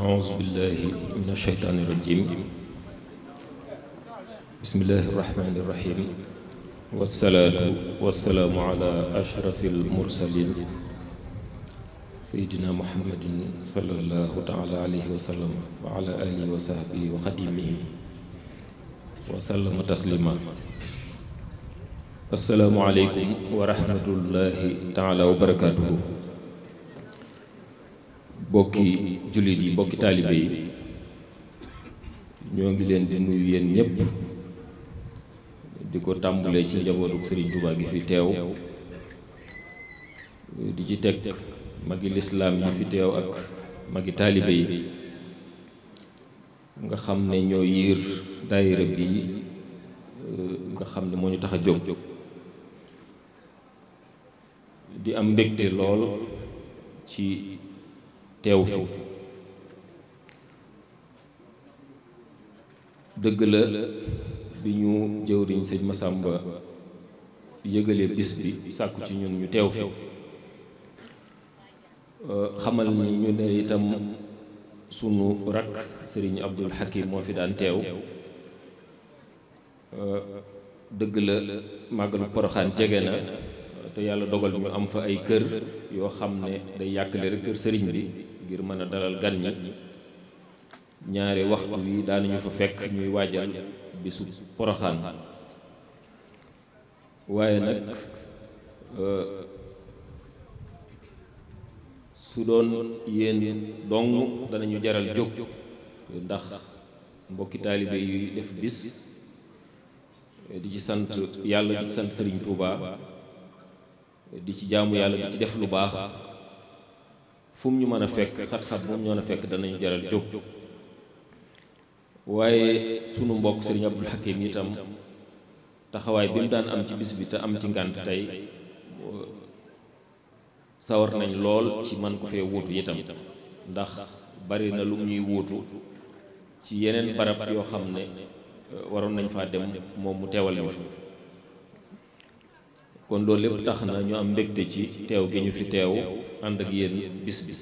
أعوذ بالله من الشيطان الرجيم بسم الله الرحمن الرحيم والصلاة والسلام على أشرف المرسلين سيدنا محمد صلى الله تعالى عليه وسلم وعلى آله وصحبه وخديمه وسلم تسليما السلام عليكم ورحمة الله تعالى وبركاته mbokki jullit yi mbokki taalibe yi ñoo ngi leen di nuyu yéen ñëpp di ko tàmbulee ci njabootu Serigne Touba gi fi teew di ci teg magi lislaam yi fi teew ak magi taalibe yi nga xam ne ñoo yiir daayira bi nga xam ne moo ñu tax a jóg di am mbégte lool ci teew fi dëgg la bi ñu jëwriñ sëñ Masamba yëgalee bis bi sàkku ci ñun ñu teew fi euh, xamal ni ñu ne itam sunu rakk sëriñ Abdul Hakim moo fi daan teew euh, dëgg la màggalu poroxaan jege na te yàlla dogal ñu am fa ay kër yoo xam ne day yàkkale rek kër sëriñ bi ngir mën a dalal gan ña ñaari waxtu wi daanañu fa fekk ñuy waajal bisu poroxaan waaye nag euh, su doon yéen dong danañu jaral jóg ndax mbokki taalibe yuy def bis di ci sant yàlla di ci sant Sëriñ Tuubaa di ci jaamu yàlla di ci def lu baax fu mu ñu mën a fekk xat-xat bu mu ñu mën a fekk danañu jaral jóg waaye sunu mbokk sëriñ Abdul Hakim itam taxawaay bi mu daan am ci bis bi te am ci ngànt tey sawar nañ lool ci man ko fee wuutu itam ndax bari na lu ñuy wuutu ci yeneen barab yoo xam ne waroon nañ faa dem moom mu teewal ñu kon loolu lépp tax na ñu am mbégte ci teew gi ñu fi teew ànd ak yéen bis bis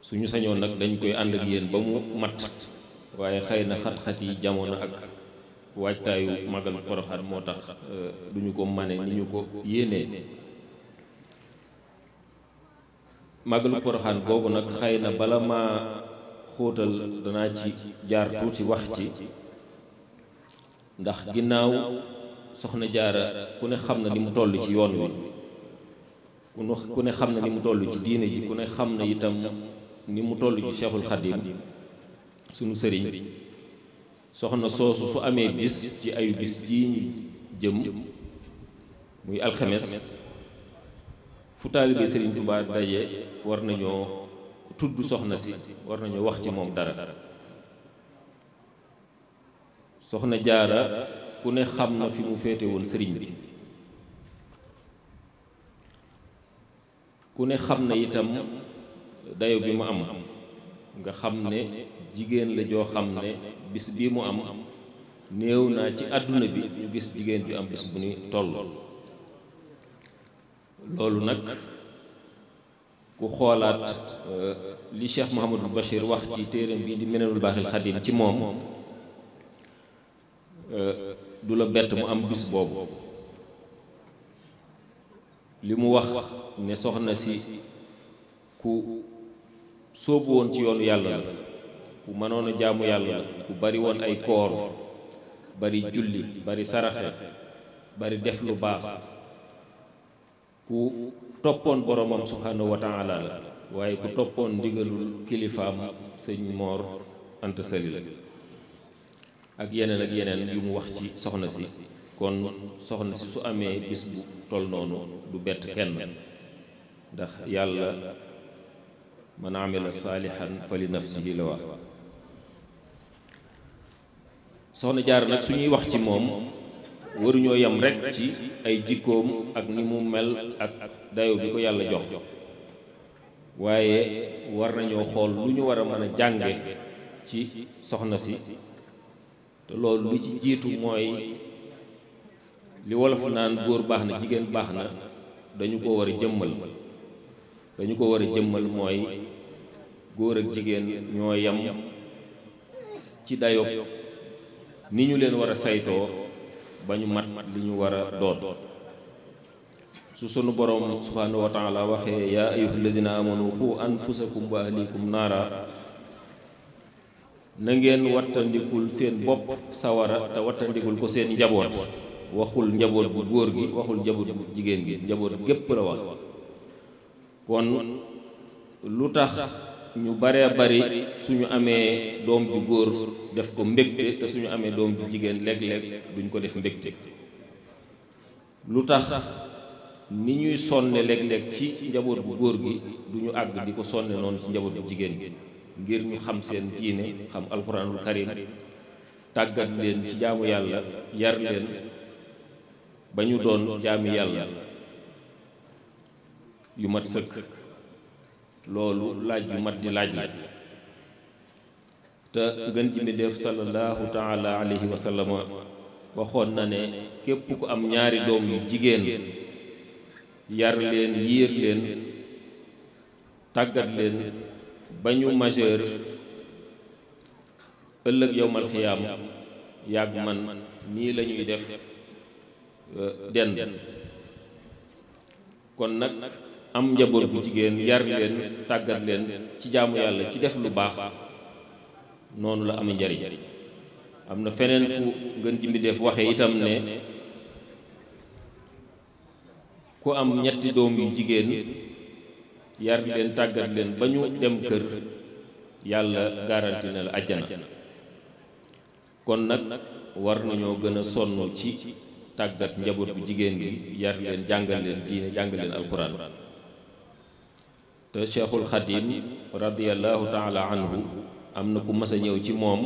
suñu sañoon nag dañ koy ànd ak yéen ba mu mat waaye xëy na xat-xat yi jamono ak waajtaayu magal poroxaan moo tax euh, duñu ko mane ni ñu ko yéenee magalu poroxaan googu nag xëy na bala maa xóotal danaa ci jaar tuuti wax ci ndax ginnaaw soxna jaara ku ne xam na ni mu toll ci yoon wi ku ne xam na ni mu toll ci diine ji ku ne xam na itam ni mu toll ci seexul xadim sunu sëriñ soxna soosu su amee bis ci ayu bis ji ñu jëm muy alxames fu taalibe sëriñ Tuubaa daje war nañoo tudd soxna si war nañoo wax ci moom dara soxna jaara ku ne xam na fi mu féete woon sëriñ bi ku ne xam na itam dayo bi mu am nga xam ne jigéen la joo xam ne bis bii mu am néew naa ci àdduna bi ñu gis jigéen ju am bis bu ni toll loolu nag ku xoolaat euh, li Cheikh Mouhamadul Bachir wax ci téeram bii di meneenul baaxil xadim ci moom euh, du la bett mu am bis boobu li mu wax ne soxna si ku sóobu woon ci yoonu yàlla la ku mënoon a jaamu yàlla la ku bari woon ay koor bari julli bari saraxe bari def lu baax ku toppoon boromam subhanahu wa taala la waaye ku toppoon ndigalul kilifaam sëñ moor anta ak yeneen ak yeneen yu mu wax ci soxna si kon soxna si su amee bis bu toll noonu du bett kenn ndax yàlla man amila saalihan fa li nafsihi la wax soxna jaar nag su ñuy wax ci moom waruñoo yem rek ci ay jikkoom ak ni mu mel ak dayo bi ko yàlla jox waaye war nañoo xool lu ñu war a mën a jànge ci soxna si te loolu lu ci jiitu mooy li wolof naan góor baax na jigéen baax na dañu ko war a jëmmal dañu ko war a jëmmal mooy góor ak jigéen ñoo yem ci dayo ni ñu leen war a saytoo ba ñu mat li ñu war a doon su sunu borom subhaanahu wa taala waxee yaa ayyuha alladina amanu qu anfusakum wa ahlikum naara na ngeen wattandikul seen bopp sawara te wattandikul ko seen njaboot waxul njaboot bu góor gi waxul njaboot bu jigéen gi njaboot gépp la wax kon lu tax ñu baree bari suñu amee doom ju góor def ko mbégte te ñu amee doom ju jigéen léeg-léeg duñ ko def mbégte lu tax ni ñuy sonne léeg-léeg ci njaboot bu góor gi duñu àgg di ko sonne noonu ci njaboot bu jigéen gi ngir ñu xam seen diine xam alquranul karim tàggat leen ci jaamu yàlla yar leen ba ñu doon jaami yàlla yu mat sëkk loolu laaj yu mat di laaj la te gën ji mi def sallallahu taala alayhi wa waxoon na ne képp ku am ñaari doom yu jigéen yar leen yiir leen tàggat leen ba ñu majeur ëllëg yowmal xiyaam yàgg man nii lañuy ñuy def euh, euh, den kon nag am njaboot bu jigéen yar leen tàggat leen ci jaamu yàlla ci def lu baax noonu la amee njariñ am na feneen fu gën ji mbindéef waxe itam ne ku am ñetti doom yu jigéen yar leen tàggat leen ba ñu dem kër yàlla garanti na la àjjana kon nag war nañoo gën a sonn ci tàggat njaboot bu jigéen gi yar leen jàngal leen diine jàngal leen alxuraan te cheikhul xadim radiallahu taala anhu am na ku mas a ñëw ci moom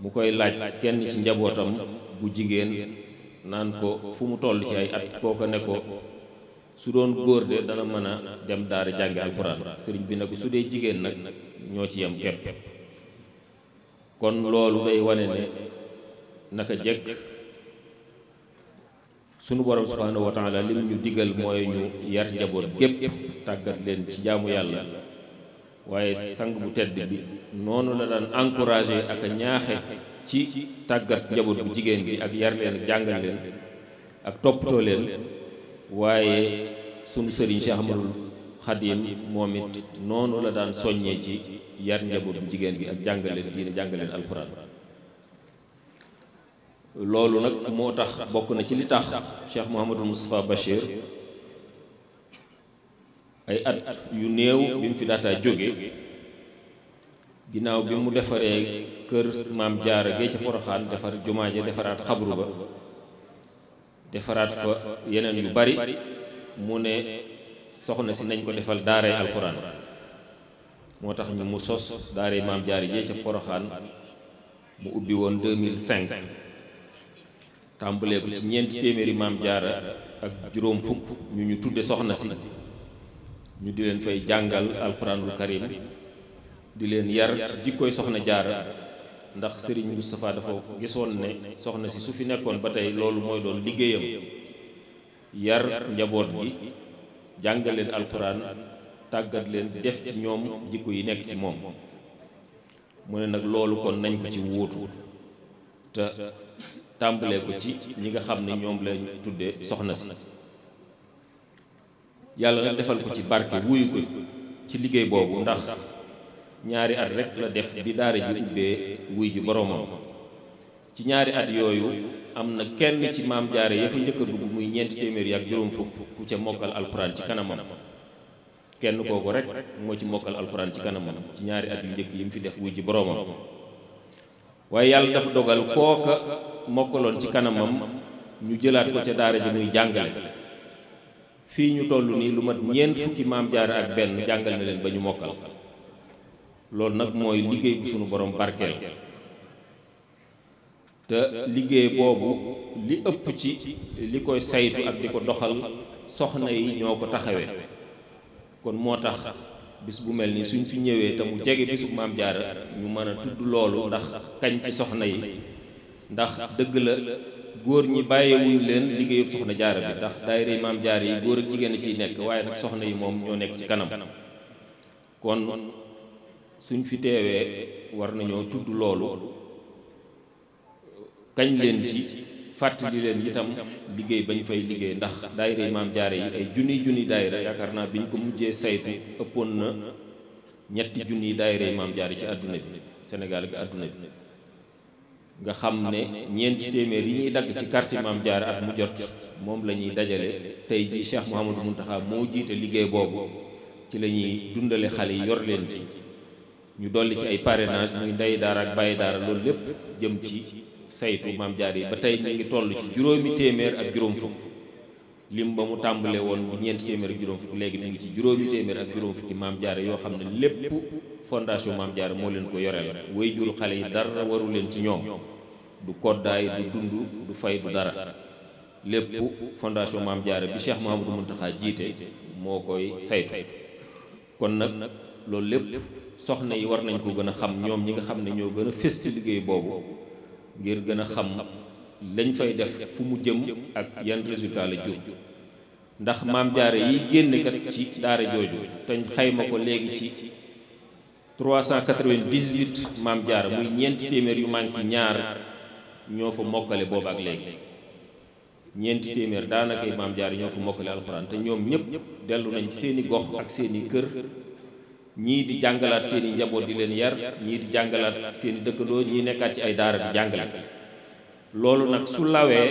mu koy laaj kenn ci njabootam bu jigéen naan ko fu mu toll ci ay at kooka ne ko su doon góor de dana mën a dem daara jàngi alxuraan sëriñ bi nag su dee jigéen nag ñoo ci yem képp kon loolu day wane ne naka jekk sunu borom subhaanahu wa taala lim ñu digal mooy ñu yar njaboot gépp tàggat leen ci jaamu yàlla waaye sang bu tedd bi noonu la daan encouragé ak a ñaaxe ci tàggat njaboot bu jigéen bi ak yar leen jàngal leen ak toppatoo leen waaye sunu sëriñ Cheikh Ahmadul Xadim moom it noonu la daan soññee ci yar njabootu jigéen bi ak jàngaleen diine jàngaleen alxuraan loolu nag moo tax bokk na ci li tax Cheikh Mouhamadul Moustapha Bachir ay at yu néew bi mu fi daataa jóge ginnaaw bi mu defaree kër maam jaara gee ca poroxaan defar jumaa ja defaraat xabru ba defaraat fa yeneen yu bari mu ne soxna si nañ ko defal daaray alxuraan moo tax ñu mu sos daaray maam jaari jee ca poroxaan mu ubbi woon 2005 tàmbalee ko ci ñeenti téeméeri maam jaar ak juróom fukk ñu ñu tudde soxna si ñu di leen fay jàngal alxuraanul karim di leen yar ci jikkooy soxna jaara ndax Serigne Moustapha dafa gisoon ne soxna si su fi nekkoon ba tey loolu mooy doon liggéeyam yar njaboot gi jàngal leen alxuraan tàggat leen def ci ñoom jikko yi nekk ci moom mu ne nag loolu kon nañ ko ci wuutu te tàmbalee ko ci ñi nga xam ne ñoom lañ tuddee soxna si yàlla nag defal ko ci barke wuyu ko ci liggéey boobu ndax ñaari at rek la def bi daara ji ubbee wuy ji boroomam ci ñaari at yooyu am na kenn ci maam jaare ya fa njëkk a dugg muy ñeenti téeméer yi ak juróom fukk ku ca mokkal alxuraan ci kanamam kenn kooku rek moo ci mokkal alxuraan ci kanamam ci ñaari at yu njëkk yi mu fi def wuy ji boroomam waaye yàlla dafa dogal kooka mokkaloon ci kanamam ñu jëlaat ko ca daara ji muy jàngale fii ñu toll nii lu mat ñeent fukki maam jaare ak benn jàngal na leen ba ñu mokkal loolu nag mooy liggéey bu sunu borom barkeel te liggéey boobu li ëpp ci li koy saytu ak di ko doxal soxna yi ñoo ko taxawee kon moo tax bis bu mel ni suñ fi ñëwee te mu jege bisu maam jaara ñu mën a tudd loolu ndax kañ ci soxna yi ndax dëgg la góor ñi bàyyiwuñ leen liggéeyu soxna jaara bi ndax daayira maam jaara yi góor ak jigéen a ciy nekk waaye nag soxna yi moom ñoo nekk ci kanam kon suñ fi teewee war nañoo tudd loolu kañ leen ci fàttali leen itam liggéey bañ fay liggéey ndax daayira maam jaare yi ay junni junniy daayira yaakaar naa ko mujjee saytu ëppoon na ñetti junniy daayira maam jaare ci àdduna bi Sénégal bi àdduna bi nga xam ne ñeenti téeméer yi ñuy dagg ci carte maam jaare at mu jot moom lañuy dajale tey jii Cheikh Mouhamadou Mountakha moo jiite liggéey boobu ci la ñuy dundale xale yi yor leen ci ñu dolli ci ay parrainage muy ndey daara ak bàyyi daara loolu lépp jëm ci saytu maam jaar yi ba tey ñu ngi toll ci juróomi téeméer ak juróom fukk lim ba mu tàmbalee woon bu ñeenti téeméer ak juróom fukk léegi mu ngi ci juróomi téeméer ak juróom fukki maam jaar yoo xam ne lépp fondation maam jaar moo leen ko yoreel way juru xale yi dara waru leen ci ñoom du koddaay du dund du fay du dara lépp fondation maam jaar bi Cheikh Mahamadou Muntaxa jiite moo koy saytu kon nag loolu lépp soxna yi war nañ koo gën a xam ñoom ñi nga xam ne ñoo gën a fés ci liggéey boobu ngir gën a xam lañ fay def fu mu jëm ak yan résultat la jóg ndax maam jaare yi génn kat ci daara jooju te xayma ko léegi ci 398 maam jaara muy ñeenti téeméer yu manqué ñaar ñoo fa mokkale boobu ak léegi ñeenti téeméer daanaka maam jaara ñoo fa mokkale alxuraan te ñoom ñëpp dellu nañ seeni gox ak seeni kër ñii di jàngalaat seen njaboot di leen yar ñii di jàngalaat seen i dëkkandoo ñii nekkaat ci ay daara di jàngale loolu nag su lawee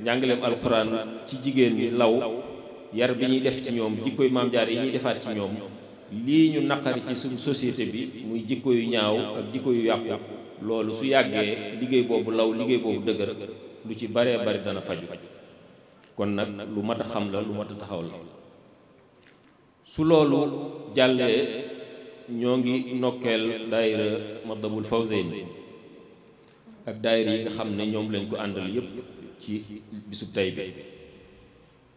njàngaleem alxuraan ci jigéen ñi law yar bi ñuy def ci ñoom jikkoy maam jaar yi ñuy defaat ci ñoom lii ñu naqari ci suñu société bi muy jikko yu ñaaw ak jikko yu yàqu loolu su yàggee liggéey boobu law liggéey boobu dëgër lu ci baree bari dana faju kon nag lu mat a xam la lu mat a taxaw la su loolu jàllee ñoo ngi nokkeel daayira Matlabul Fawzayni ak daayira yi nga xam ne ñoom lañ ko àndal yépp ci bisub tey bi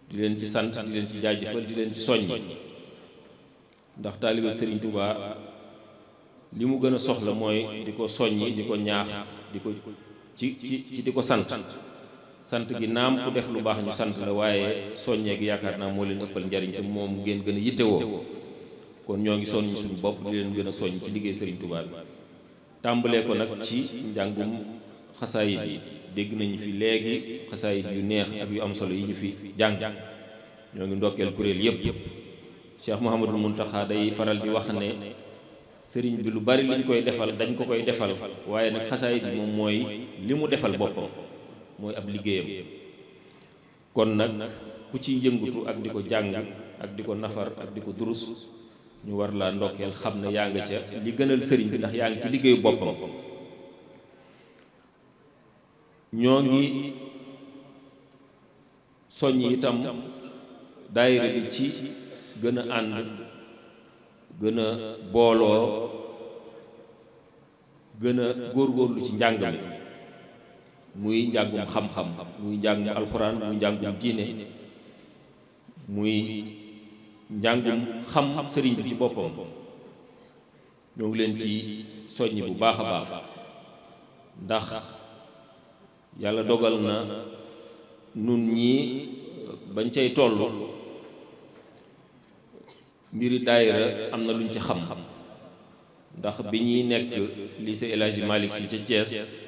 di leen ci sant di leen ci jaajëfal di leen ci soññ ndax taalibe Serigne Touba li mu gën a soxla mooy di ko soññ di ko ñaax di ko ci ci ci di ko sant sant gi naam ku def lu baax ñu sant la waaye soññee gi yaakaar naa moo leen ëppal njariñ te moom ngeen gën a yittewoo kon ñoo ngi soññ suñu bopp di leen gën a soññ ci liggéey sëriñ Tuubaa tàmbalee ko nag ci njàngum xasaayit yi dégg nañu fi léegi xasaayit yu neex ak yu am solo yi ñu fi jàng ñoo ngi ndokkeel kuréel yépp Cheikh mun Mountakha day faral di wax ne sëriñ bi lu bari lañ koy defal dañ ko koy defal waaye nag xasaayit moom mooy li mu defal boppam mooy ab liggéeyam kon nag ku ci yëngutu ak di ko jàng ak di ko nafar ak di ko durus ñu war laa ndokkeel xam ne yaa ngi ca li gënal sëriñ bi ndax yaa ngi ci liggéeyu boppam ñoo ngi soññ itam daayira bi ci gën a ànd gën a booloo gën a góorgóorlu ci njàng mi muy njàngum xam-xam muy njàngum alxuraan muy njàngum diine muy njàngum xam sëriñ bi ci boppam ñoo ngi leen ci soññ bu baax a baax ndax yàlla dogal na nun ñii bañ cay toll mbiri daayira am na luñ ci xam-xam ndax bi ñuy nekk lycée El Hadji Malick Sy ca Thiès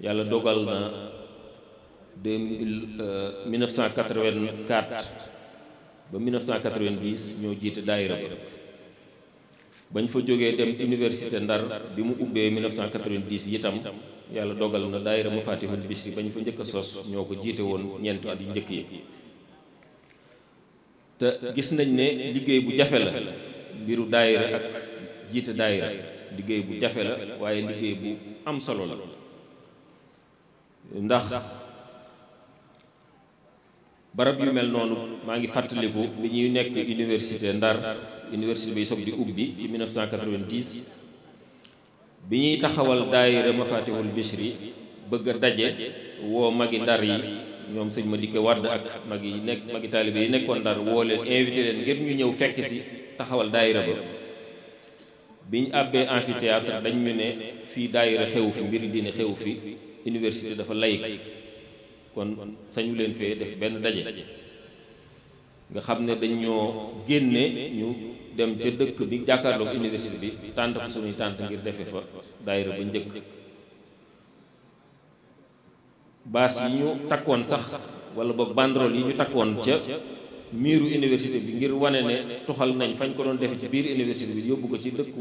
yàlla dogal na deux euh, mille 1984 ba 1990 ñoo jiite daayira ba bañ fa jógee dem université ndar bi mu ubbee 1990 itam yàlla dogal na daayira Mafatihul Bichri bañ fa njëkk a sos ñoo ko jiite woon ñeenti at yu njëkk yi te gis nañ ne liggéey bu jafe la mbiru daayira ak jiite daayira liggéey bu jafe la waaye liggéey bu am solo la ndax barab yu mel noonu maa ngi fàttaliku bi ñuy nekk université Ndar université bi soog di ubbi ci 1990 bi ñuy taxawal daayira Mafatihul Bichri bëgg a daje woo magi Ndar yi ñoom sëñ ma dikke wadd ak mag yi nekk magi taalibe yi nekkoon Ndar woo leen invité leen ngir ñu ñëw fekk si taxawal daayira ba biñ àbbee amphithéâtre dañ ne fii daayira xew fi mbiri dina xew fi université dafa layik kon sañu leen fee def benn daje nga xam ne dañ ñoo génne ñu dem ca dëkk bi jàkkaarloog université bi tànt fa suñuy tànt ngir defe fa daayira ba njëkk baas yi ñu takkoon sax wala boog banderole yi ñu takkoon ca miiru université bi ngir wane ne tuxal nañ fañ ko doon defe ci biir université bi yóbbu ko ci dëkku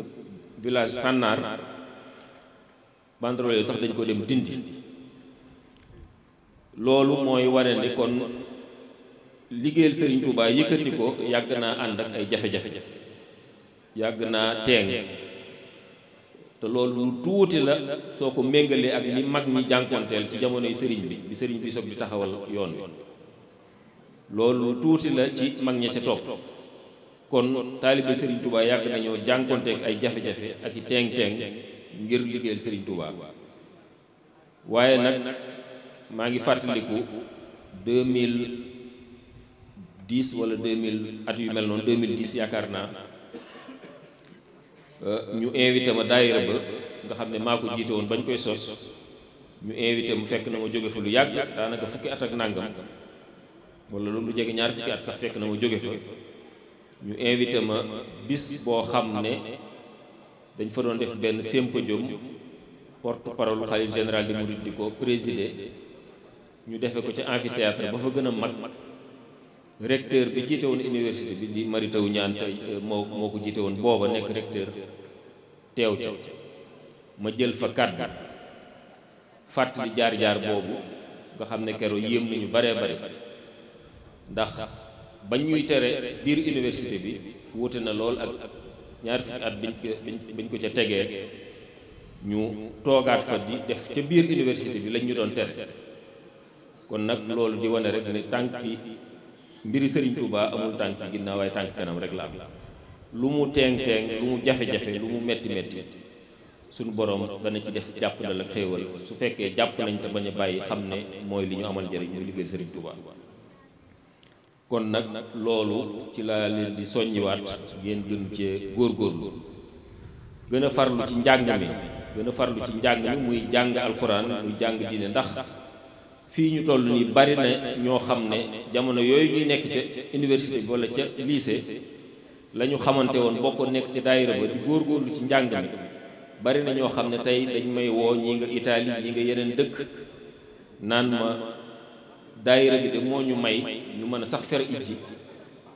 village sànnaar banderole yooyu sax dañ ko dem dindi loolu mooy wane ni kon liggéeyal Serigne Touba yëkkati ko yàgg naa ànd ak ay jafe-jafe yàgg naa teeng te loolu lu tuuti la soo ko méngalee ak li mag ñi jànkonteel ci jamonoy sëriñ bi sëriñ bi soog di taxawal yoon wi loolu lu tuuti la ci mag ña ca topp kon taalibe Serigne Touba yàgg nañoo jànkonteek ay jafe-jafe ak i teeng-teeng ngir liggéeyal Serigne Touba waaye nag maa ngi fàttaliku 2010 wala 2000 at yu mel noonu 2010 yaakaar naa euh, ñu invité ma daayira ba nga xam ne maa ko jiite woon bañ koy sos ñu invité mu fekk na ma jóge fa lu yàgg daanaka fukki at ak nàngam wala lu jege ñaar fukki at sax fekk na ma jóge fa ñu invité ma bis boo xam ne dañ fa doon def benn symposium porte parole xalif général di murid di ko présider ñu defe ko ci amphithéâtre ba fa gën a mag recteur bi jiite woon université bi di Mary wu ñaan tey euh, moo moo ko jiite woon booba nekk recteur teew ca ma jël fa kàddu fàttali jaar-jaar boobu nga xam ne kero yéem nañu baree bare ndax bañ ñuy tere biir université bi wuute na lool ak ñaar fukki at biñ ko biñ ko ca tegee ñu toogaat fa di def ca biir université bi lañ ñu doon tere kon nag loolu di wane rek ne tànki mbiri sëriñ Touba amul tànki ginnaaw waaye tànk kanam rek la am lu mu teeng teeng lu mu jafe-jafe lu mu metti metti suñu borom dana ci def jàpp na la xéewal su fekkee jàpp nañ te bañ a bàyyi xam ne mooy li ñu amal njëriñ muy liggéey sëriñ Touba kon nag loolu ci laa leen di soññiwaat ngeen gën cee góorgóorlu gën a farlu ci njàng mi gën a farlu ci njàng muy jàng alxuraan muy jàng diine ndax fii ñu toll nii bari na ñoo xam ne jamono yooyu ñuy nekk ca université bi wala ca lycée la ñu xamante woon boo ko nekk ci daayira ba di góorgóorlu ci njàng mi bari na ñoo xam ne tey dañ may woo ñi nga Italie ñi nga yeneen dëkk naan ma daayira bi de moo ñu may ñu mën a sax fer ijji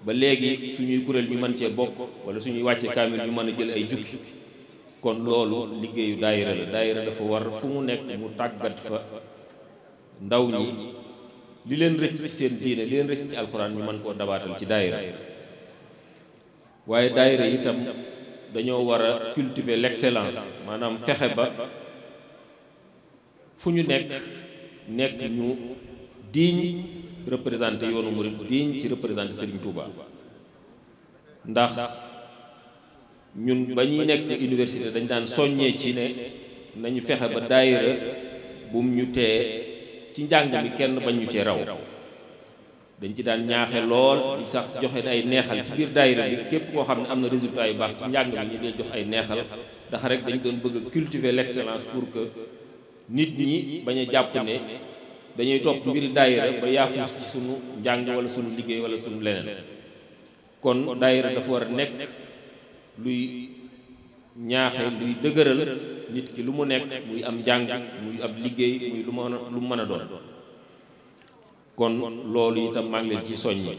ba léegi suñuy kuréel ñu mën cee bokk wala suñuy wàcce kaamil ñu mën a jël ay jukki kon loolu liggéeyu daayira la daayira dafa war fu mu nekk mu tàggat fa ndaw ñi li leen rëcc ci seen diine li leen rëcc ci alxuraan ñu mën koo dabaatal ci daayira waaye daayira itam dañoo war a cultiver l'excellence maanaam fexe ba fu ñu nekk nekk ñu diiñ représenté yoonu murit diiñ ci représenté Serigne Touba ndax ñun ba ñuy nekk université dañ daan soññee ci ne nañu fexe ba daayira bum ñu tee ci njàng mi kenn bañ ñu cee raw dañ ci daan ñaaxe lool di sax joxe ay neexal ci biir daayira bi képp koo xam ne am na résultat yu baax ci njàng mi ñu dee jox ay neexal ndax rek dañ doon bëgg a cultiver l'excellence pour que nit ñi bañ a jàpp ne dañuy topp mbiri daayira ba yaafus ci sunu njàng wala sunu liggéey wala sunu leneen kon daayira dafa war a nekk luy ñaaxe luy dëgëral nit ki lu mu nekk muy am njàng muy am liggéey muy lu mën lu mën a doon kon loolu itam maa ngi leen ci soññi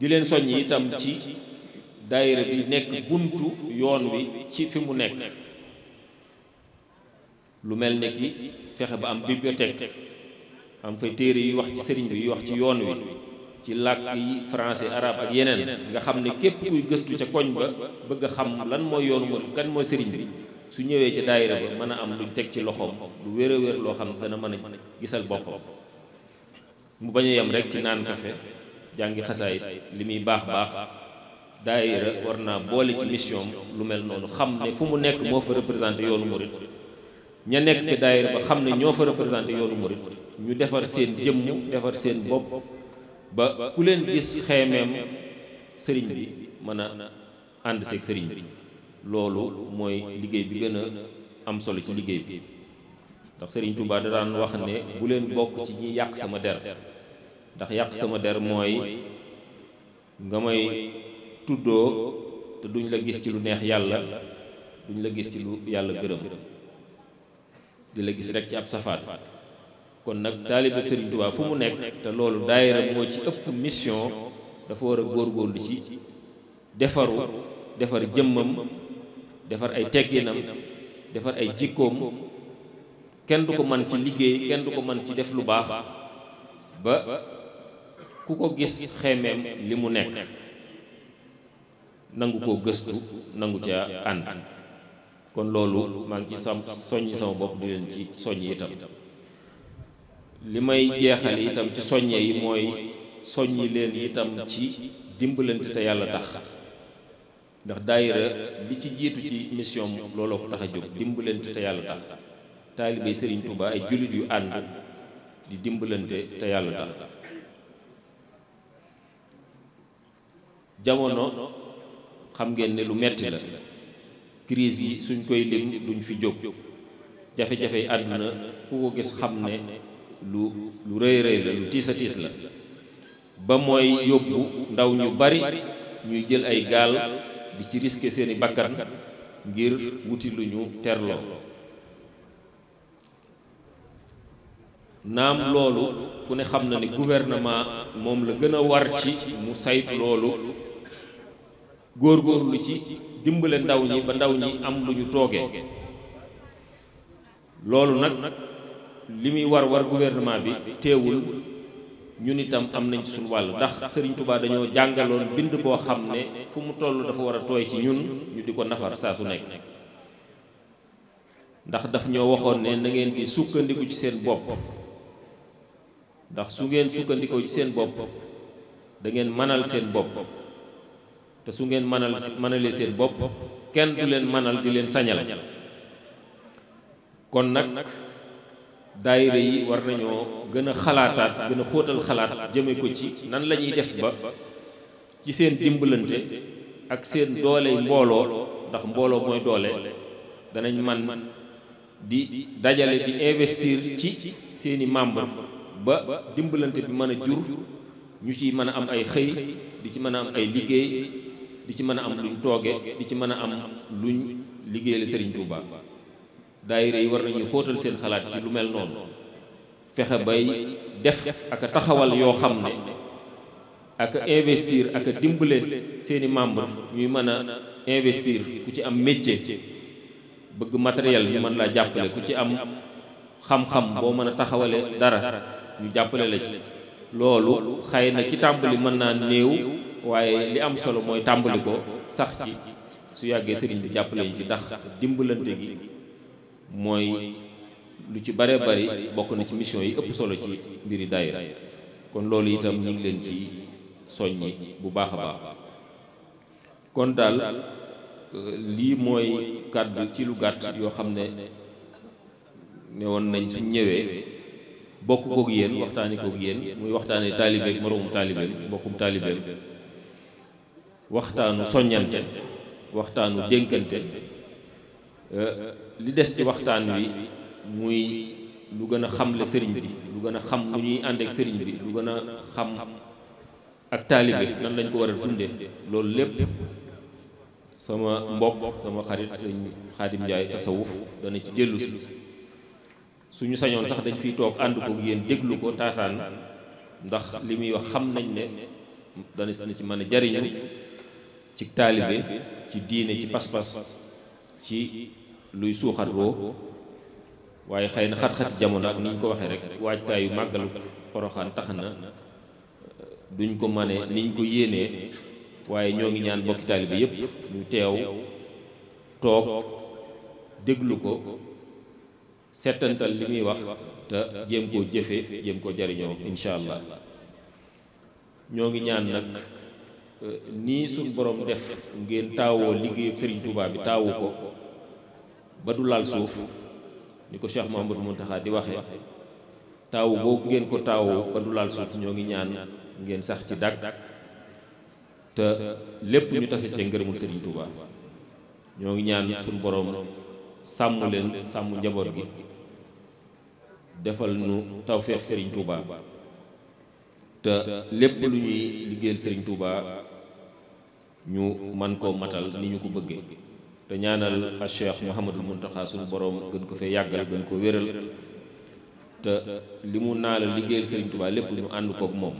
di leen soññi itam ci daayira bi nekk buntu yoon wi ci fi mu nekk lu mel ne ki fexe ba am bibliothèque am fay téere yuy wax ci sëriñ bi yuy wax ci yoon wi ci làkk yi français arab ak yeneen nga xam ne képp kuy gëstu ca koñ ba bëgg a xam lan mooy yoonu murid kan mooy sëriñ bi su ñëwee ca daayira ba mën a am luñ teg ci loxoom lu wér a loo xam ne dana mën a gisal boppam mu bañ a yem rek ci naan kafe jàngi xasaayit li muy baax baax daayira war naa boole ci mission lu mel noonu xam ne fu mu nekk moo fa représenté yoonu murid ña nekk ci daayira ba xam ne ñoo fa représenté yoonu murit ñu defar seen jëmm defar seen bopp ba ku leen gis xeemeem sëriñ bi mën a ànd seeg sëriñ bi loolu mooy liggéey bi gën a am solo ci liggéey bi ndax sëriñ Touba da daan wax ne bu leen bokk ci ñi yàq sama der ndax yàq sama der mooy nga may tuddoo te duñ la gis ci lu neex yàlla duñ la gis ci lu yàlla gërëm di la gis rek ci ab safaat kon nag taalibe Sëriñ fu mu nekk te loolu daayira moo ci ëpp mission dafa war a góorgóorlu ci defaru defar jëmmam defar ay tegginam defar ay jikkoom kenn du ko man ci liggéey kenn du ko man ci def lu baax ba ku ko gis xeemeem li mu nekk nangu koo gëstu nangu ca ànd kon loolu maa ngi ci sam soññ sama bopp di leen ci soññ itam li may jeexal itam ci soññe yi mooy soññi leen itam ci dimbalante te yàlla tax ndax daayira li ci jiitu ci mission looloo ko tax a jóg dimbalante te yàlla tax taalibe Sëriñ Tuubaa ay jullit yu ànd di dimbalante te yàlla tax jamono xam ngeen ne lu metti la crise yi suñ koy lim duñ fi jóg jafe-jafe yi àdduna ku ko gis xam ne lu lu rëy rëy la lu tiis tiis la ba mooy yóbbu ndaw ñu bari ñuy jël ay gaal di ci risquer seeni bakkan ngir wuti lu ñu terloo naam loolu ku ne xam na ni gouvernement moom la gën a war ci mu saytu loolu góorgóorlu ci dimbale ndaw ñi ba ndaw ñi am lu ñu toogee loolu nag li muy war war gouvernement bi teewul ñun itam am nañ ci suñu wàll ndax sëriñ Touba dañoo jàngaloon bind boo xam ne fu mu tollu dafa war a tooy ci ñun ñu di ko nafar saa su nekk ndax daf ñoo waxoon ne na ngeen di sukkandiku ci seen bopp ndax su ngeen sukkandikoo ci seen bopp da ngeen mënal seen bopp te su ngeen mënal mënalee seen bopp kenn du leen mënal di leen sañal kon nag daayira yi war nañoo gën a xalaataat gën a xóotal xalaat jëme ko ci nan la ñuy def ba ci seen dimbalante ak seen dooley mbooloo ndax mbooloo mooy doole danañ man di dajale di investir ci seeni membre ba dimbalante bi mën a jur ñu ci mën a am ay xëy di ci mën a am ay liggéey di ci mën a am luñ tooge di ci mën a am luñ liggéeyal Serigne Touba daayira yi war nañu xóotal seen xalaat ci lu mel noonu fexe bay def ak taxawal yoo xam ne ak investir ak a dimbale seeni membre ñuy mën a investir ku ci am métier bëgg matériel ñu mën laa jàppale ku ci am xam-xam boo mën a taxawale dara ñu jàppale la ci loolu xëy na ci tàmbali mën naa néew waaye li am solo mooy tàmbali ko sax ci su yàggee sëriñ bi jàpp ñu ci ndax dimbalante gi mooy lu ci bare bari bokk na ci mission yi ëpp solo ci mbiri daayira kon loolu itam ñu ngi leen ci soññi bu baax baax kon daal lii mooy kàddu ci lu gàtt yoo xam ne ne woon nañ suñ ñëwee bokk koog yéen waxtaani koog yéen muy waxtaane taalibeeg moromum taalibeem bokkum taalibeem waxtaanu soññante waxtaanu dénkante euh, li des ci waxtaan wi muy lu gën a xam la sëriñ bi lu gën a xam lu ànd ak sëriñ bi lu gën a xam ak taalibe nan lañ ko war a dunde loolu lépp sama mbokk sama xarit sëñ Xaadim Njaay tasawuf dana ci dellu si suñu sañoon sax dañ fi toog ànd ko yéen déglu ko taataan ndax li muy wax xam nañ ne dana si ci mën a jariñu ci taalibe ci diine ci pas-pas ci luy suuxat roo waaye xëy na xat-xati jamono ak ni ñu ko waxee rek waajtaayu màggalu poroxaan tax na duñ ko mane niñ ko yéenee waaye ñoo ngi ñaan bokki taalibe yépp ñu teew toog déglu ko setantal li muy wax te jéem koo jëfe jéem koo jariñoo incha allah ñoo ngi ñaan nag nii suñ boroom def ngeen taawoo liggéey Serigne Touba bi taawu ko ba du laal suuf ni ko Cheikh Mouhamadou Mountakha di waxe taawu boo ngeen ko taawoo ba du laal suuf ñoo ngi ñaan ngeen sax ci dàkk te lépp ñu tase ca ngërëmul Serigne Touba ñoo ngi ñaan suñ borom sàmm leen sàmm njaboot gi defal nu tawféex Serigne Touba te lépp lu ñuy liggéeyal Serigne Touba. ñu man koo matal ni ñu ko bëggee te ñaanal a cheikh mouhamadul muntaxa suñu borom gën ko fee yàggal gën ko wéral te li mu naa la liggéeyal sëriñ tubaa lépp li mu ànd kook moom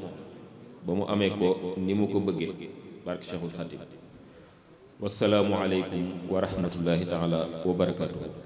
ba mu amee ko ni mu ko bëggee barke cheikhul xadim wasalaamualeykum wa rahmatullahi taala wa barakatuhu